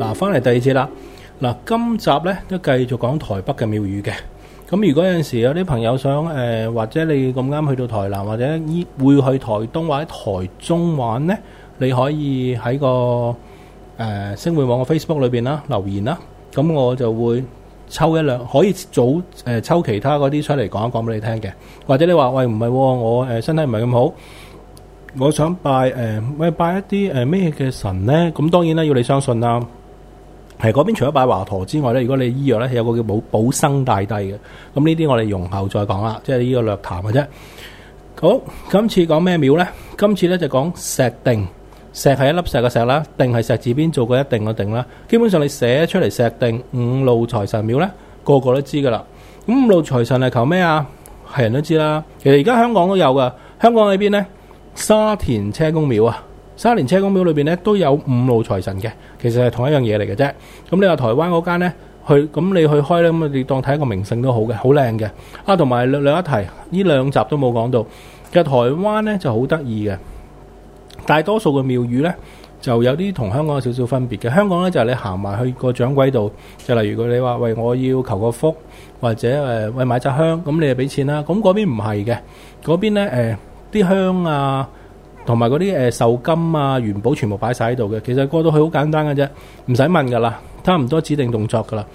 嗱，翻嚟第二節啦。嗱，今集咧都繼續講台北嘅廟宇嘅。咁如果有陣時有啲朋友想誒、呃，或者你咁啱去到台南，或者依會去台東或者台中玩咧，你可以喺個誒、呃、星匯網嘅 Facebook 裏邊啦留言啦。咁我就會抽一兩，可以早誒、呃、抽其他嗰啲出嚟講一講俾你聽嘅。或者你話喂唔係、哦，我誒、呃、身體唔係咁好，我想拜誒，喂、呃、拜一啲誒咩嘅神咧。咁當然啦，要你相信啦。係嗰邊除咗擺華佗之外咧，如果你醫藥咧，有個叫保保生大帝嘅。咁呢啲我哋容後再講啦，即係呢個略談嘅啫。好，今次講咩廟咧？今次咧就講石碇，石係一粒石嘅石啦，定係石字邊做過一定嘅定啦。基本上你寫出嚟石碇五路財神廟咧，個個都知噶啦。咁五路財神係求咩啊？係人都知啦。其實而家香港都有噶，香港喺邊咧？沙田車公廟啊。三年同埋嗰啲誒壽金啊、元寶全部擺晒喺度嘅，其實過到去好簡單嘅啫，唔使問噶啦，差唔多指定動作噶啦，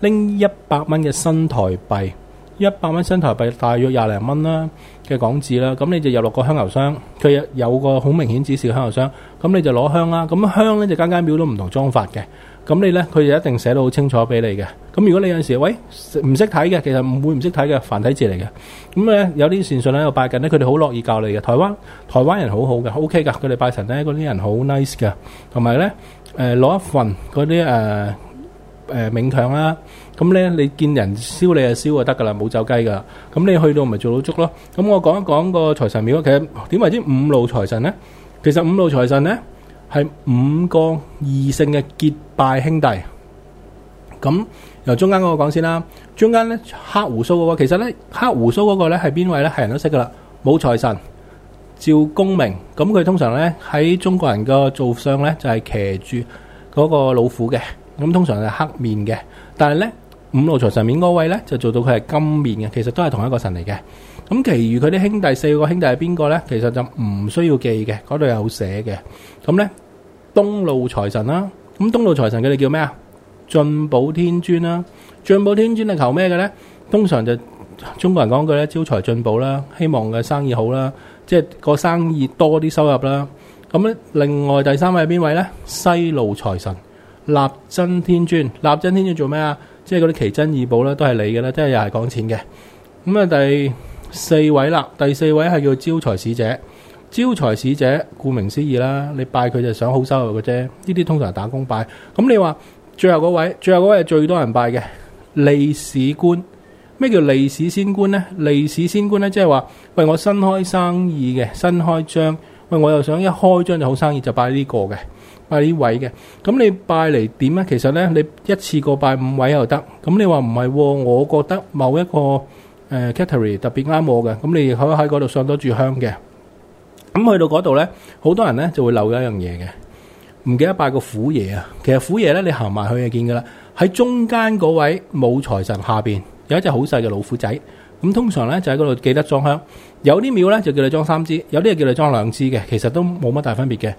拎一百蚊嘅新台幣，一百蚊新台幣大約廿零蚊啦嘅港紙啦，咁你就入六個香油箱，佢有個好明顯指示嘅香油箱，咁你就攞香啦，咁香咧就間間廟都唔同裝法嘅。咁你咧，佢就一定寫得好清楚俾你嘅。咁如果你有陣時，喂唔識睇嘅，其實唔會唔識睇嘅，繁體字嚟嘅。咁咧有啲善信咧，喺度拜緊咧，佢哋好樂意教你嘅。台灣台灣人好好嘅，OK 噶，佢哋拜神咧，嗰啲人好 nice 噶。同埋咧，誒攞一份嗰啲誒誒冥鏹啦，咁咧你見人燒你啊燒就得㗎啦，冇走雞㗎。咁你去到咪做到足咯。咁我講一講個財神廟嘅點為之五路財神咧，其實五路財神咧。係五個異姓嘅結拜兄弟，咁由中間嗰個講先啦。中間呢黑鬍鬚嗰個，其實呢黑鬍鬚嗰個呢係邊位呢？係人都識噶啦，武財神趙公明。咁佢通常呢喺中國人個造相呢就係騎住嗰個老虎嘅，咁通常係黑面嘅。但係呢五路財神面嗰位呢就做到佢係金面嘅，其實都係同一個神嚟嘅。咁，其餘佢啲兄弟四個兄弟係邊個咧？其實就唔需要記嘅，嗰度有寫嘅。咁咧，東路財神啦。咁東路財神佢哋叫咩啊？進寶天尊啦。進寶天尊係求咩嘅咧？通常就中國人講句咧，招財進寶啦，希望嘅生意好啦，即係個生意多啲收入啦。咁咧，另外第三位係邊位咧？西路財神立真天尊。立真天尊做咩啊？即係嗰啲奇珍異寶啦，都係你嘅啦，即係又係講錢嘅。咁啊，第四位啦，第四位係叫招財使者。招財使者，顧名思義啦，你拜佢就想好收入嘅啫。呢啲通常打工拜。咁你話最後嗰位，最後嗰位係最多人拜嘅利市官。咩叫利市先官呢？利市先官呢？即係話喂，我新開生意嘅，新開張，喂，我又想一開張就好生意，就拜呢個嘅，拜呢位嘅。咁你拜嚟點呢？其實呢，你一次過拜五位又得。咁你話唔係？我覺得某一個。誒 Katherine 特別啱我嘅，咁你可以喺嗰度上多炷香嘅。咁去到嗰度咧，好多人咧就會漏一樣嘢嘅，唔記得拜個虎爺啊。其實虎爺咧，你行埋去就見噶啦。喺中間嗰位武財神下邊，有一隻好細嘅老虎仔。咁通常咧就喺嗰度記得裝香。有啲廟咧就叫你裝三支，有啲就叫你裝兩支嘅，其實都冇乜大分別嘅。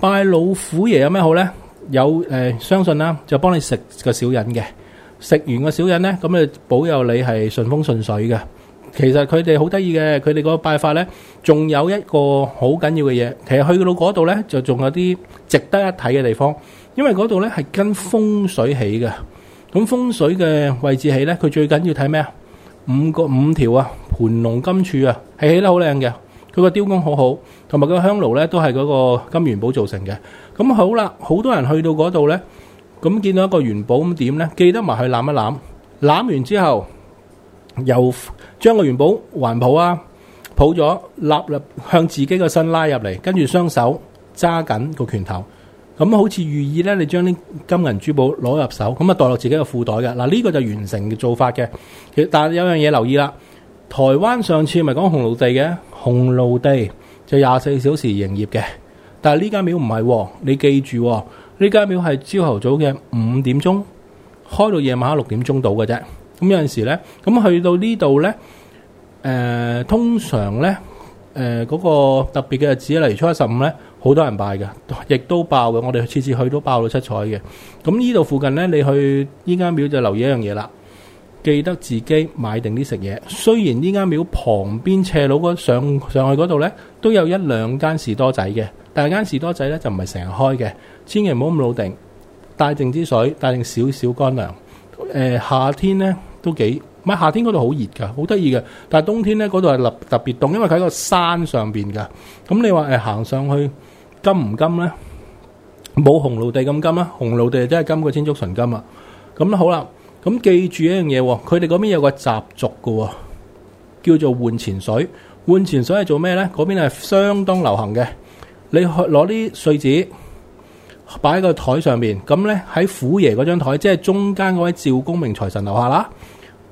拜老虎爺有咩好咧？有誒，相信啦，就幫你食個小人嘅。食完個小人咧，咁啊保佑你係順風順水嘅。其實佢哋好得意嘅，佢哋個拜法咧，仲有一個好緊要嘅嘢。其實去到嗰度咧，就仲有啲值得一睇嘅地方，因為嗰度咧係跟風水起嘅。咁風水嘅位置起咧，佢最緊要睇咩啊？五個五條啊，盤龍金柱啊，係起得好靚嘅。佢個雕工好好，同埋佢個香爐咧都係嗰個金元寶造成嘅。咁好啦，好多人去到嗰度咧。咁見到一個元寶，咁點咧？記得埋去攬一攬，攬完之後又將個元寶環抱啊，抱咗納入向自己嘅身拉入嚟，跟住雙手揸緊個拳頭，咁好似寓意咧，你將啲金銀珠寶攞入手，咁啊袋落自己嘅褲袋嘅。嗱，呢、這個就完成嘅做法嘅。其但係有樣嘢留意啦。台灣上次咪講烘爐地嘅，烘爐地就廿四小時營業嘅，但係呢間廟唔係喎，你記住、哦。呢間廟係朝頭早嘅五點鐘開到夜晚黑六點鐘到嘅啫，咁有陣時咧，咁去到呢度咧，誒、呃、通常咧，誒、呃、嗰、嗰個特別嘅日子，例如初一十五咧，好多人拜嘅，亦都爆嘅，我哋次次去都爆到七彩嘅。咁呢度附近咧，你去呢間廟就留意一樣嘢啦。記得自己買定啲食嘢。雖然呢間廟旁邊斜路上上去嗰度咧，都有一兩間士多仔嘅，但係間士多仔咧就唔係成日開嘅。千祈唔好咁老定，帶定啲水，帶定少少乾糧。誒、呃，夏天咧都幾，唔係夏天嗰度好熱㗎，好得意嘅。但係冬天咧嗰度係特別凍，因為佢喺個山上邊㗎。咁你話誒、呃、行上去金唔金咧？冇紅綠地咁金啦，紅綠地真係金過千足純金啊！咁好啦。咁記住一樣嘢，佢哋嗰邊有個習俗嘅，叫做換錢水。換錢水係做咩咧？嗰邊係相當流行嘅。你去攞啲碎紙擺喺個台上面，咁咧喺虎爺嗰張台，即係中間嗰位趙公明財神樓下啦。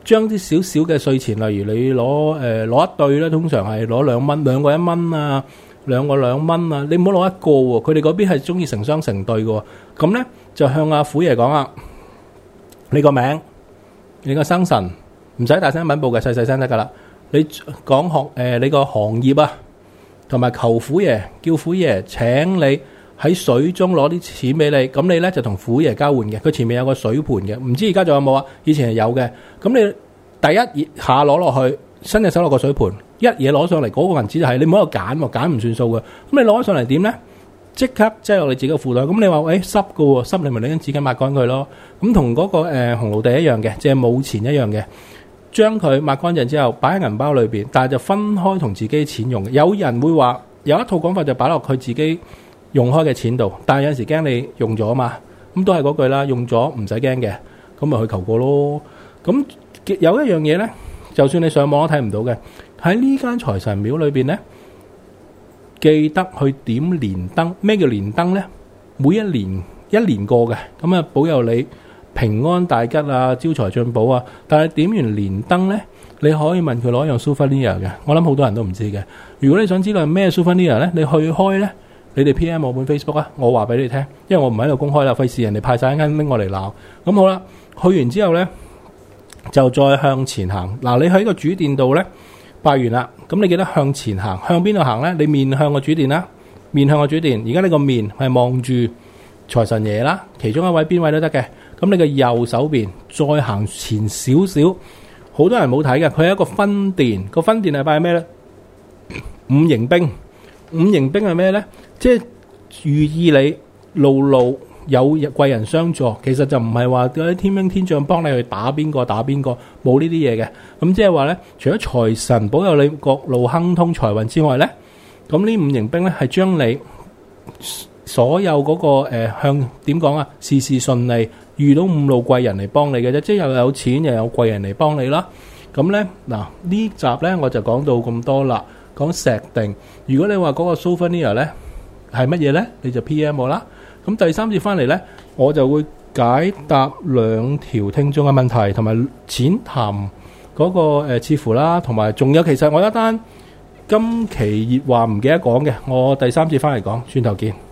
將啲少少嘅碎錢，例如你攞誒攞一對咧，通常係攞兩蚊，兩個一蚊啊，兩個兩蚊啊。你唔好攞一個，佢哋嗰邊係中意成雙成對嘅。咁咧就向阿虎爺講啊。你個名，你個生辰，唔使大聲稟報嘅，細細聲得噶啦。你講學誒，你個行業啊，同埋求虎爺，叫虎爺請你喺水中攞啲錢俾你，咁你咧就同虎爺交換嘅。佢前面有個水盤嘅，唔知而家仲有冇啊？以前係有嘅。咁你第一下攞落去，伸隻手落個水盤，一嘢攞上嚟，嗰、那個銀紙就係、是、你唔好喺度揀，揀唔算數嘅。咁你攞上嚟點咧？即刻即係擠落你自己個褲袋，咁你話喂濕嘅喎，濕，濕你咪攞根紙巾抹乾佢咯。咁同嗰個誒、呃、烘爐地一樣嘅，即係冇錢一樣嘅，將佢抹乾淨之後，擺喺銀包裏邊，但係就分開同自己錢用。有人會話有一套講法就擺落佢自己用開嘅錢度，但係有陣時驚你用咗啊嘛，咁、嗯、都係嗰句啦，用咗唔使驚嘅，咁咪去求過咯。咁、嗯、有一樣嘢呢，就算你上網都睇唔到嘅，喺呢間財神廟裏邊呢。記得去點蓮燈，咩叫蓮燈咧？每一年一年過嘅，咁啊保佑你平安大吉啊，招財進寶啊！但係點完蓮燈咧，你可以問佢攞一樣 Souvenir 嘅，我諗好多人都唔知嘅。如果你想知道係咩 Souvenir 咧，你去開咧，你哋 PM 我本 Facebook 啊，我話俾你聽，因為我唔喺度公開啦，費事人哋派晒一間拎我嚟鬧。咁好啦，去完之後咧，就再向前行。嗱，你喺個主殿度咧，拜完啦。咁你記得向前行，向邊度行咧？你面向個主殿啦，面向個主殿。而家你個面係望住財神爺啦，其中一位邊位都得嘅。咁你嘅右手邊再行前少少，好多人冇睇嘅，佢係一個分殿。個分殿係擺咩咧？五營兵，五營兵係咩咧？即係預意你路路，有貴人相助，其實就唔係話嗰啲天兵天將幫你去打邊個打邊個，冇呢啲嘢嘅。咁即係話咧，除咗財神保佑你各路亨通財運之外咧，咁呢五營兵咧，係將你所有嗰個誒，向點講啊，事事順利，遇到五路貴人嚟幫你嘅啫，即係又有錢又有貴人嚟幫你啦。咁咧，嗱呢集咧，我就講到咁多啦，講石碇。如果你話嗰個 Souvenir 咧係乜嘢咧，你就 PM 我啦。咁第三次翻嚟呢，我就會解答兩條聽眾嘅問題，同埋淺談嗰、那個、呃、刺符啦，同埋仲有其實我一單今期熱話唔記得講嘅，我第三次翻嚟講，轉頭見。